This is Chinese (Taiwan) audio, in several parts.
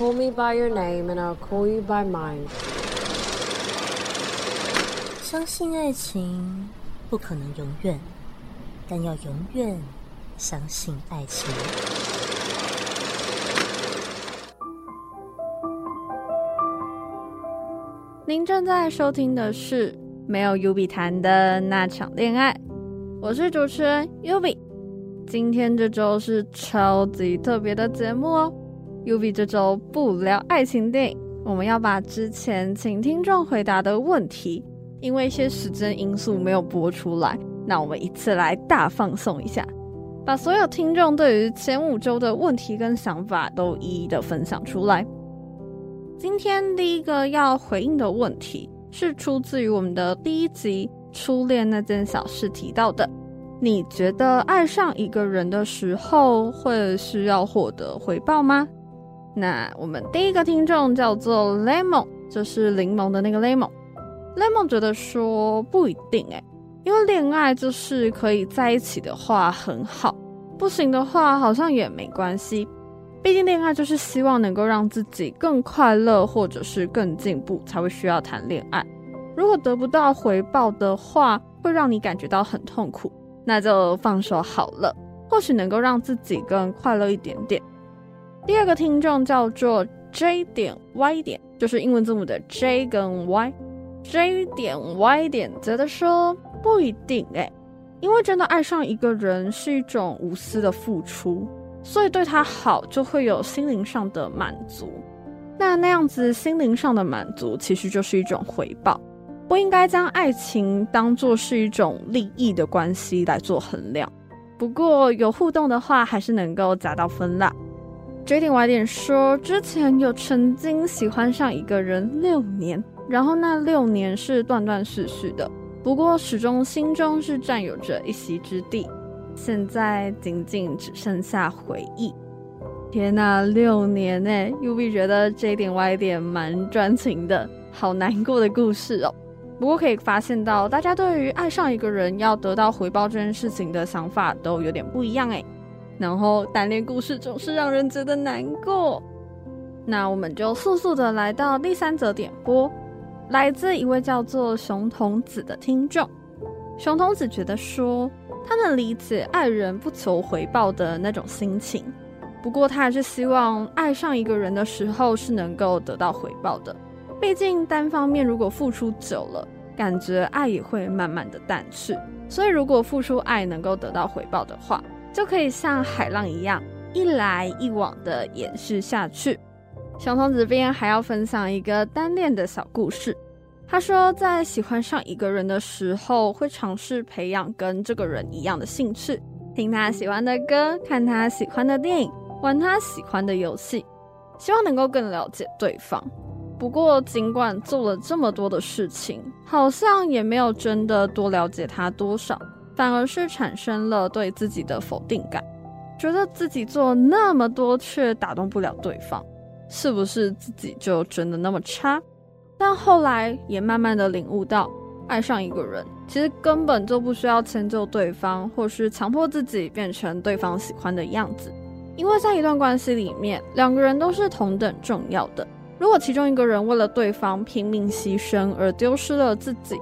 Call me by your name, and I'll call you by mine. 相信愛情不可能永遠，但要永遠相信愛情。您正在收聽的是沒有尤比談的那場戀愛，我是主持人尤比。今天這周是超級特別的節目哦。由於這週不聊愛情電影，我們要把之前請聽眾回答的問題，因為一些時間因素沒有播出來，那我們一次來大放送一下，把所有聽眾對於前五週的問題跟想法都一一的分享出來。今天第一個要回應的問題是出自於我們的第一集《初戀那件小事》提到的，你覺得愛上一個人的時候會需要獲得回報嗎？那我們第一個聽眾叫做 Lemon，就是檸檬的那個 Lemon。Lemon 覺得說不一定誒，因為戀愛就是可以在一起的話很好，不行的話好像也沒關係。畢竟戀愛就是希望能夠讓自己更快樂，或者是更進步才會需要談戀愛。如果得不到回報的話，會讓你感覺到很痛苦，那就放手好了。或許能夠讓自己更快樂一點點。第二個聽眾叫做 J 點 Y 點，就是英文字母的 J 跟 Y。J 點 Y 點覺得說不一定哎、欸，因為真的愛上一個人是一種無私的付出，所以對他好就會有心靈上的滿足。那那樣子心靈上的滿足其實就是一種回報，不應該將愛情當做是一種利益的關係來做衡量。不過有互動的話，還是能夠砸到分啦。J 點 Y 點說，之前有曾經喜歡上一個人六年，然後那六年是斷斷續續的，不過始終心中是占有着一席之地。現在僅僅只剩下回憶。天啊，六年耶？又 B 覺得 J 點 Y 點蠻專情的，好難過的故事哦。不過可以發現到，大家對於愛上一個人要得到回報這件事情的想法都有點不一樣耶。然後單戀故事總是讓人覺得難過，那我們就速速的來到第三則點播，來自一位叫做熊童子的聽眾。熊童子覺得說，他能理解愛人不求回報的那種心情，不過他還是希望愛上一個人的時候是能夠得到回報的。畢竟單方面如果付出久了，感覺愛也會慢慢的淡去，所以如果付出愛能夠得到回報的話，就可以像海浪一樣一來一往地延續下去。熊童子邊還要分享一個單戀的小故事。他說，在喜歡上一個人的時候，會嘗試培養跟這個人一樣的興趣，聽他喜歡的歌，看他喜歡的電影，玩他喜歡的遊戲，希望能夠更了解對方。不過，儘管做了這麼多的事情，好像也沒有真的多了解他多少。反而是產生了對自己的否定感，覺得自己做那麼多卻打動不了對方，是不是自己就真的那麼差？但後來也慢慢的領悟到，愛上一個人其實根本就不需要遷就對方，或是強迫自己變成對方喜歡的樣子，因為在一段關係裡面，兩個人都是同等重要的。如果其中一個人為了對方拼命犧牲而丟失了自己，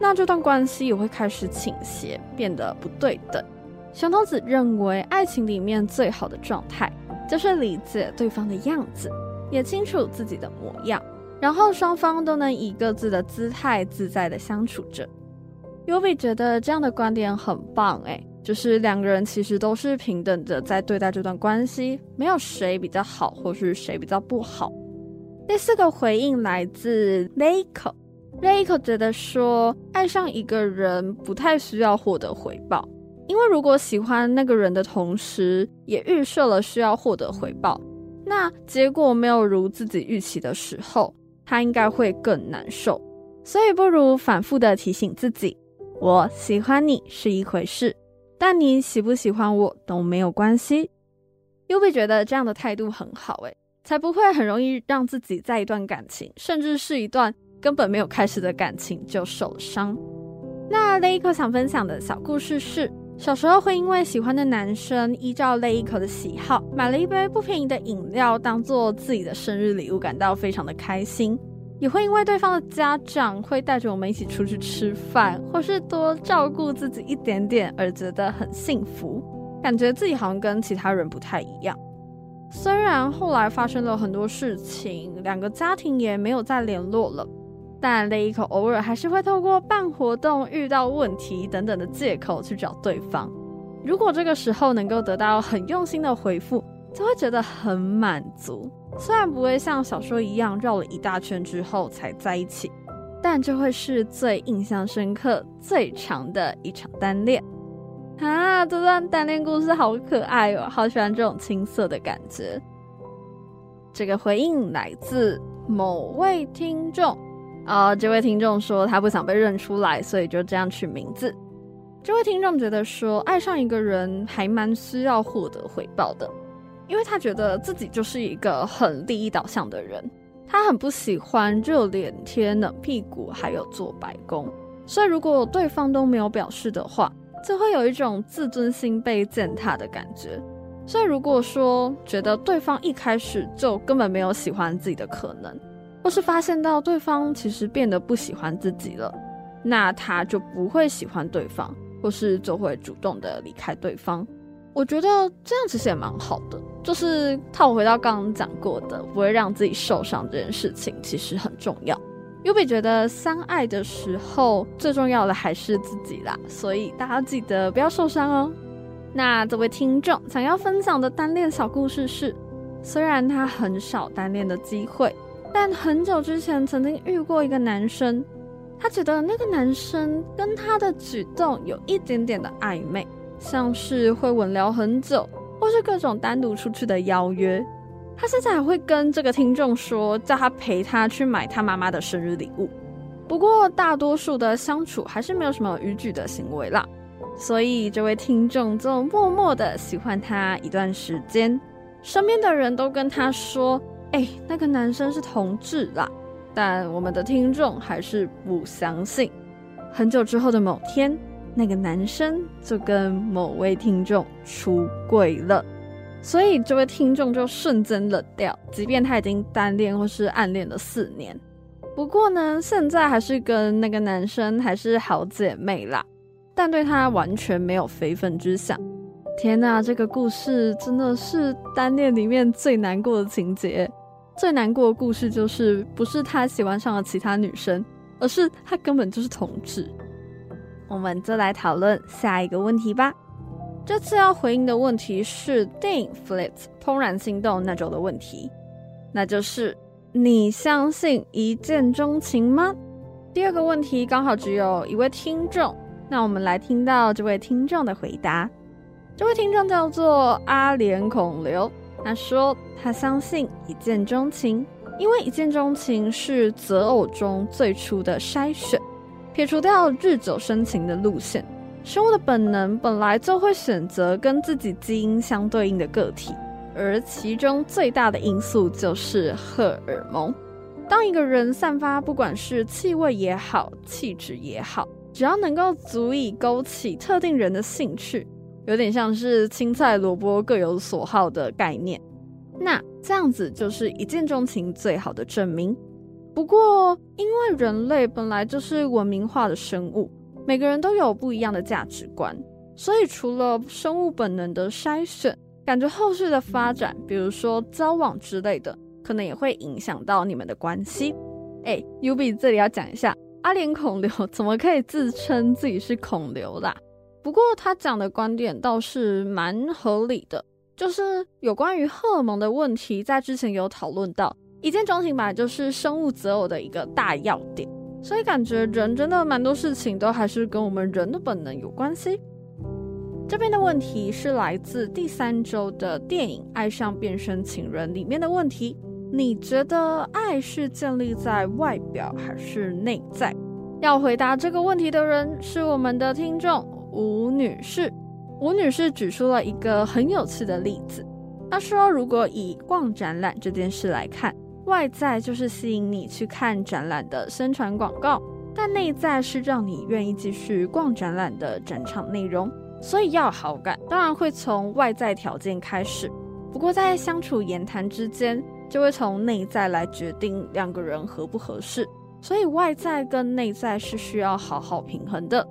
那這段關係也會開始傾斜，變得不對等。熊童子認為，愛情裡面最好的狀態，就是理解對方的樣子，也清楚自己的模樣，然後雙方都能以各自的姿態自在的相處着。優比覺得這樣的觀點很棒，欸，哎，就是兩個人其實都是平等的在對待這段關係，沒有誰比較好，或是誰比較不好。第四個回應來自 n a c o 瑞克覺得說，愛上一個人不太需要獲得回報，因為如果喜歡那個人的同時，也預設了需要獲得回報，那結果沒有如自己預期的時候，他應該會更難受。所以不如反覆的提醒自己，我喜歡你是一回事，但你喜不喜歡我都沒有關係。又會覺得這樣的態度很好，欸，誒，才不會很容易讓自己在一段感情，甚至是一段。根本沒有開始的感情就受了傷。那雷一刻想分享的小故事是：小時候會因為喜歡的男生依照雷一刻的喜好買了一杯不便宜的飲料當做自己的生日禮物，感到非常的開心；也會因為對方的家長會帶着我們一起出去吃飯，或是多照顧自己一點點而覺得很幸福，感覺自己好像跟其他人不太一樣。雖然後來發生了很多事情，兩個家庭也沒有再聯絡了。但一口偶爾還是會透過辦活動、遇到問題等等的借口去找對方。如果這個時候能夠得到很用心的回復，就會覺得很滿足。雖然不會像小說一樣繞了一大圈之後才在一起，但就會是最印象深刻、最長的一場單戀。啊，這段單戀故事好可愛哦，好喜歡這種青澀的感覺。這個回應來自某位聽眾。啊，這位、呃、聽眾說他不想被認出來，所以就這樣取名字。這位聽眾覺得說，愛上一個人還蠻需要獲得回報的，因為他覺得自己就是一個很利益導向的人，他很不喜歡熱臉貼冷屁股，還有做白工。所以如果對方都沒有表示的話，就會有一種自尊心被踐踏的感覺。所以如果說覺得對方一開始就根本沒有喜歡自己的可能，或是發現到對方其實變得不喜歡自己了，那他就不會喜歡對方，或是就會主動的離開對方。我覺得這樣其實也蠻好的，就是套回到剛剛講過的，不會讓自己受傷這件事情其實很重要。優貝覺得相愛的時候最重要的還是自己啦，所以大家記得不要受傷哦。那這位聽眾想要分享的單戀小故事是，雖然他很少單戀的機會。但很久之前曾經遇過一個男生，他覺得那個男生跟他的舉動有一點點的曖昧，像是會穩聊很久，或是各種單獨出去的邀約。他現在還會跟這個聽眾說，叫他陪他去買他媽媽的生日禮物。不過大多數的相處還是沒有什麼逾矩的行為啦，所以這位聽眾就默默的喜歡他一段時間，身邊的人都跟他說。哎、欸，那個男生是同志啦，但我們的聽眾還是不相信。很久之後的某天，那個男生就跟某位聽眾出軌了，所以這位聽眾就瞬間冷掉。即便他已經單戀或是暗戀了四年，不過呢，現在還是跟那個男生還是好姐妹啦，但對他完全沒有非分之想。天哪，這個故事真的是單戀裡面最難過的情節。最難過的故事就是，不是他喜歡上了其他女生，而是他根本就是同志。我們就來討論下一個問題吧。這次要回應的問題是電影《Flipped 怦然心動》那種的問題，那就是你相信一見鍾情嗎？第二個問題剛好只有一位聽眾，那我們來聽到這位聽眾的回答。這位聽眾叫做阿蓮孔劉。他說：“他相信一見鍾情，因為一見鍾情是擇偶中最初的篩選，撇除掉日久生情的路線。生物的本能本來就會選擇跟自己基因相對應的個體，而其中最大的因素就是荷爾蒙。當一個人散發，不管是氣味也好，氣質也好，只要能夠足以勾起特定人的興趣。”有點像是青菜蘿蔔各有所好的概念，那這樣子就是一見鍾情最好的證明。不過，因為人類本來就是文明化的生物，每個人都有不一樣的價值觀，所以除了生物本能的篩選，感覺後續的發展，比如說交往之類的，可能也會影響到你們的關係。欸，Yubi 這裡要講一下，阿蓮孔劉怎麼可以自稱自己是孔劉啦？不過他講的觀點倒是蠻合理的，就是有關於荷爾蒙的問題，在之前有討論到一見鍾情吧，就是生物擇偶的一個大要點，所以感覺人真的蠻多事情都還是跟我們人的本能有關係。這邊的問題是來自第三周的電影《愛上變身情人》裡面的問題，你覺得愛是建立在外表還是內在？要回答這個問題的人是我們的聽眾。吳女士，吳女士舉出了一個很有趣的例子。她說：“如果以逛展覽這件事來看，外在就是吸引你去看展覽的宣傳廣告，但內在是讓你願意繼續逛展覽的展場內容。所以要好感，當然會從外在條件開始。不過在相處言談之間，就會從內在來決定兩個人合不合適。所以外在跟內在是需要好好平衡的。”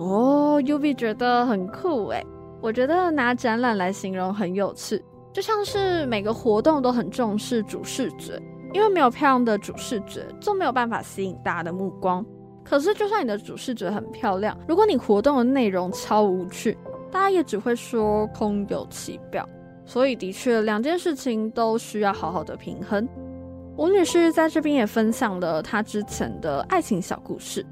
哦、oh，U V 覺得很酷誒。我覺得拿展覽來形容很有趣，就像是每個活動都很重視主視覺，因為沒有漂亮的主視覺就沒有辦法吸引大家的目光。可是，就算你的主視覺很漂亮，如果你活動的內容超無趣，大家也只會說空有其表。所以，的確兩件事情都需要好好的平衡。吳女士在這邊也分享了她之前的愛情小故事。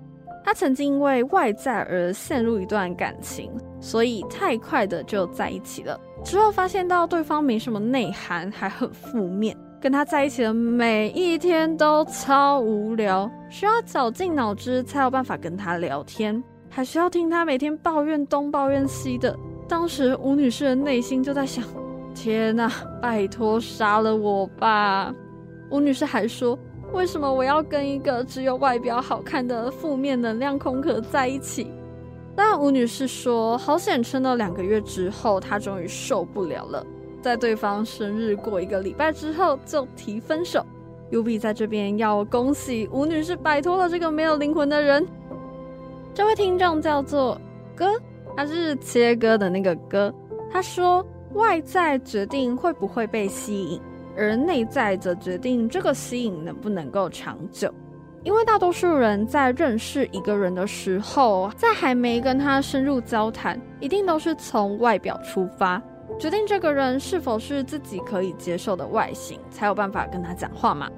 他曾經因為外在而陷入一段感情，所以太快的就在一起了。之後發現到對方沒什麼內涵，還很負面，跟他在一起的每一天都超無聊，需要絞盡腦汁才有辦法跟他聊天，還需要聽他每天抱怨東抱怨西的。當時吳女士的內心就在想：天吶，啊，拜託殺了我吧！吳女士還說。為什麼我要跟一個只有外表好看的負面能量空殼在一起？那吳女士說，好險撐到兩個月之後，她終於受不了了，在對方生日過一個禮拜之後就提分手。U B 在這邊要恭喜吳女士擺脫了這個沒有靈魂的人。這位聽眾叫做哥，他是切哥的那個哥，他說外在決定會不會被吸引，而內在則決定這個吸引能不能夠長久，因為大多數人在認識一個人的時候，在還沒跟他深入交談，一定都是從外表出發，決定這個人是否是自己可以接受的外形，才有辦法跟他講話嘛。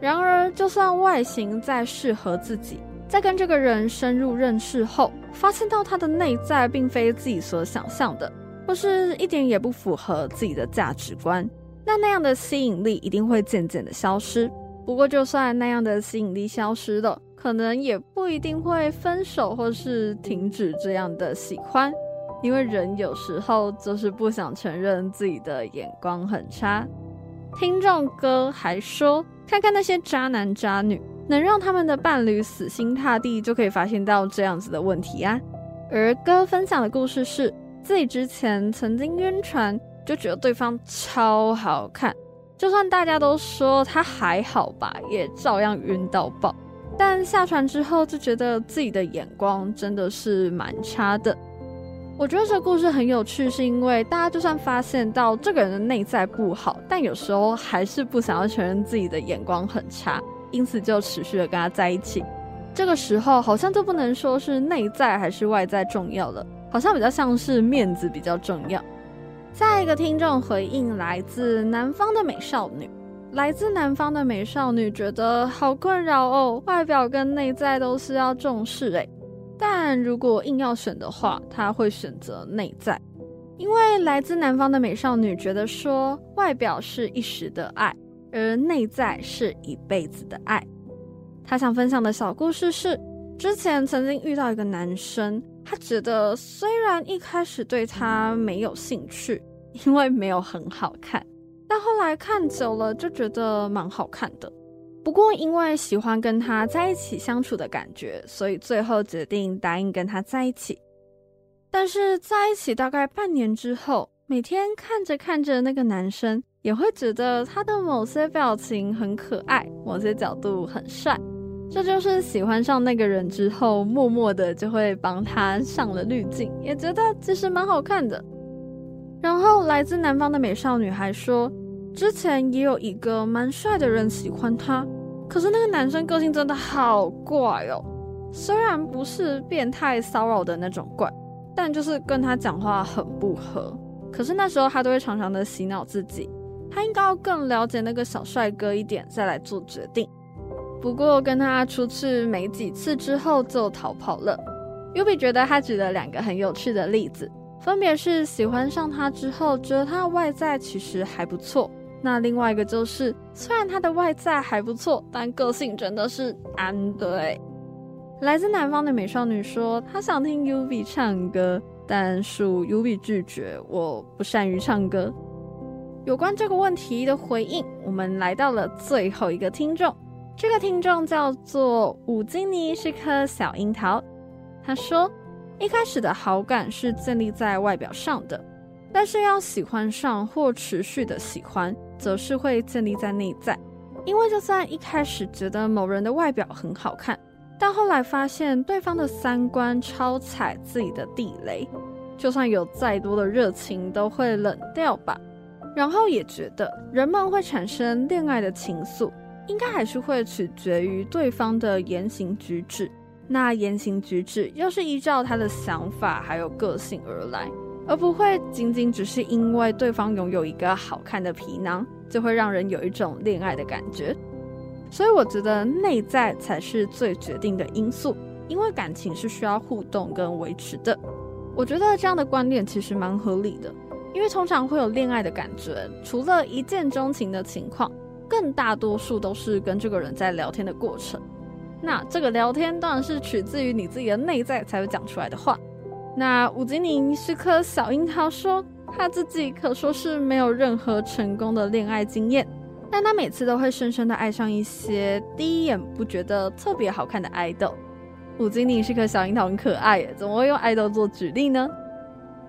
然而，就算外形再適合自己，在跟這個人深入認識後，發現到他的內在並非自己所想象的，或是一點也不符合自己的價值觀。那那樣的吸引力一定會漸漸的消失。不過，就算那樣的吸引力消失了，可能也不一定會分手或是停止這樣的喜歡，因為人有時候就是不想承認自己的眼光很差。聽眾哥還說，看看那些渣男渣女能讓他們的伴侶死心塌地，就可以發現到這樣子的問題啊。而哥分享的故事是自己之前曾經暈船。就覺得對方超好看，就算大家都說他還好吧，也照樣暈到爆。但下船之後就覺得自己的眼光真的是蠻差的。我覺得這個故事很有趣，是因為大家就算發現到這個人的內在不好，但有時候還是不想要承認自己的眼光很差，因此就持續的跟他在一起。這個時候好像就不能說是內在還是外在重要了，好像比較像是面子比較重要。下一個聽眾回應來自南方的美少女，來自南方的美少女覺得好困擾哦，外表跟內在都是要重視哎，但如果硬要選的話，她會選擇內在，因為來自南方的美少女覺得說，外表是一時的愛，而內在是一輩子的愛。她想分享的小故事是，之前曾經遇到一個男生。他覺得雖然一開始對他沒有興趣，因為沒有很好看，但後來看久了就覺得蠻好看的。不過因為喜歡跟他在一起相處的感覺，所以最後決定答應跟他在一起。但是在一起大概半年之後，每天看着看着那個男生，也會覺得他的某些表情很可愛，某些角度很帥。這就是喜歡上那個人之後，默默的就會幫他上了濾鏡，也覺得其實蠻好看的。然後，來自南方的美少女還說，之前也有一個蠻帥的人喜歡他，可是那個男生個性真的好怪哦。雖然不是變態騷擾的那種怪，但就是跟他講話很不合。可是那時候他都會常常的洗腦自己，他應該要更了解那個小帥哥一點，再來做決定。不過跟他出去沒幾次之後就逃跑了。Yubi 覺得他舉了兩個很有趣的例子，分別是喜歡上他之後覺得他的外在其實還不錯，那另外一個就是雖然他的外在還不錯，但個性真的是安對。來自南方的美少女說，她想聽 Yubi 唱歌，但恕 Yubi 拒絕，我不善於唱歌。有關這個問題的回應，我們來到了最後一個聽眾。這個聽眾叫做五金妮，是顆小櫻桃。他說，一開始的好感是建立在外表上的，但是要喜歡上或持續的喜歡，則是會建立在內在。因為就算一開始覺得某人的外表很好看，但後來發現對方的三觀超踩自己的地雷，就算有再多的熱情都會冷掉吧。然後也覺得人們會產生戀愛的情愫，應該還是會取決於對方的言行舉止。那言行舉止又是依照他的想法還有個性而來，而不會僅僅只是因為對方擁有一個好看的皮囊，就會讓人有一種戀愛的感覺。所以我覺得內在才是最決定的因素，因為感情是需要互動跟維持的。我覺得這樣的觀念其實蠻合理的，因為通常會有戀愛的感覺，除了一見鍾情的情況。更大多數都是跟這個人在聊天的過程，那這個聊天當然是取自於你自己的內在才會講出來的話。那武吉寧是顆小櫻桃說，他自己可說是沒有任何成功的戀愛經驗，但他每次都會深深的愛上一些第一眼不覺得特別好看的愛豆。武吉寧是顆小櫻桃，很可愛耶，怎麼會用愛豆做舉例呢？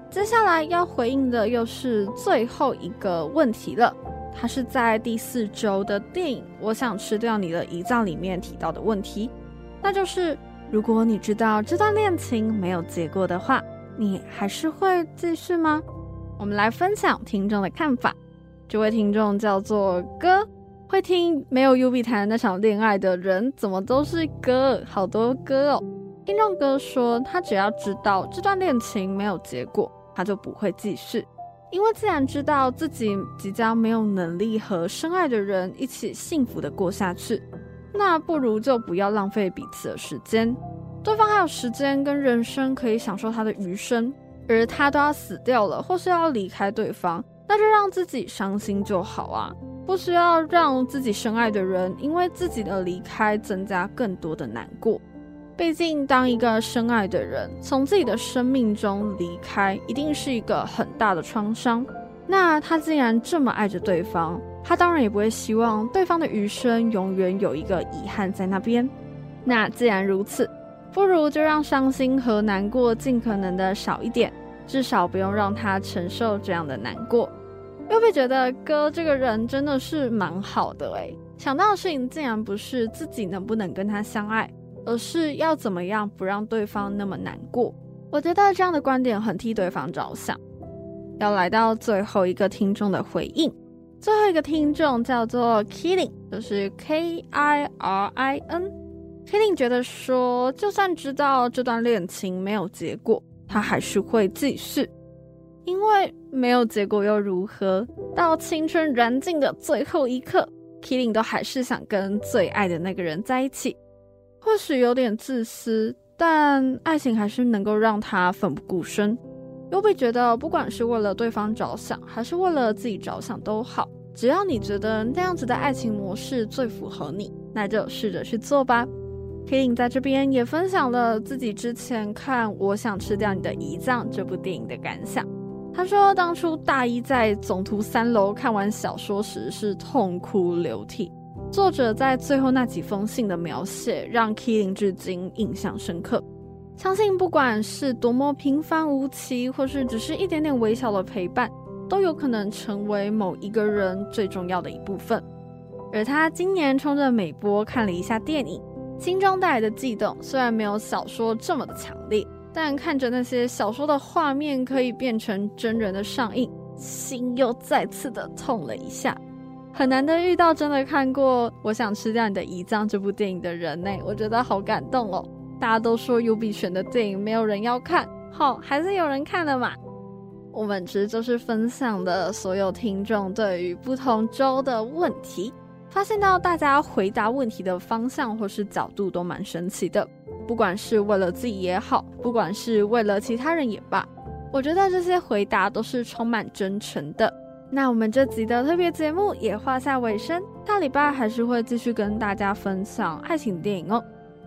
接下來要回應的又是最後一個問題了。他是在第四周的電影《我想吃掉你的胰臟》裡面提到的問題，那就是如果你知道這段戀情沒有結果的話，你還是會繼續嗎？我們來分享聽眾的看法。這位聽眾叫做哥，會聽沒有優比談那場戀愛的人怎麼都是哥，好多哥哦。聽眾哥說，他只要知道這段戀情沒有結果，他就不會繼續。因為既然知道自己即將沒有能力和深愛的人一起幸福地過下去，那不如就不要浪費彼此的時間。對方還有時間跟人生可以享受他的餘生，而他都要死掉了，或是要離開對方，那就讓自己傷心就好啊，不需要讓自己深愛的人因為自己的離開增加更多的難過。畢竟，當一個深愛的人從自己的生命中離開，一定是一個很大的創傷。那他既然這麼愛着對方，他當然也不會希望對方的餘生永遠有一個遺憾在那邊。那既然如此，不如就讓傷心和難過盡可能的少一點，至少不用讓他承受這樣的難過。又被覺得哥這個人真的是蠻好的欸，想到的事情竟然不是自己能不能跟他相愛。而是要怎麼樣不讓對方那麼難過？我覺得這樣的觀點很替對方着想。要來到最後一個聽眾的回應，最後一個聽眾叫做 Killing，就是 K I R I N。Killing 覺得說，就算知道這段戀情沒有結果，他還是會繼續，因為沒有結果又如何？到青春燃盡的最後一刻，Killing 都還是想跟最愛的那個人在一起。或許有點自私，但愛情還是能夠讓他奮不顧身。優比覺得，不管是為了對方着想，還是為了自己着想都好，只要你覺得那樣子的愛情模式最符合你，那就試着去做吧。Killing 在這邊也分享了自己之前看《我想吃掉你的胰臟》這部電影的感想。他說，當初大一在總圖三樓看完小說時是痛哭流涕。作者在最後那幾封信的描寫，讓 Killing 至今印象深刻。相信不管是多麼平凡無奇，或是只是一點點微小的陪伴，都有可能成為某一個人最重要的一部分。而他今年衝着美波看了一下電影，心中帶來的悸動雖然沒有小說這麼的強烈，但看着那些小說的畫面可以變成真人的上映，心又再次的痛了一下。很難得遇到真的看過《我想吃掉你的胰臟》這部電影的人呢、欸，我覺得好感動哦。大家都說 UB 選的電影沒有人要看，好，還是有人看的嘛。我們其實就是分享的所有聽眾對於不同週的問題，發現到大家回答問題的方向或是角度都蠻神奇的。不管是為了自己也好，不管是為了其他人也罷，我覺得這些回答都是充滿真誠的。那我們這集的特別節目也畫下尾聲，大禮拜還是會繼續跟大家分享愛情電影哦。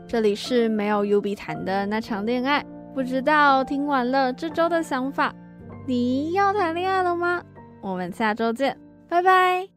這裡是沒有 UB 談的那場戀愛，不知道聽完了這週的想法，你要談戀愛了嗎？我們下週見，拜拜。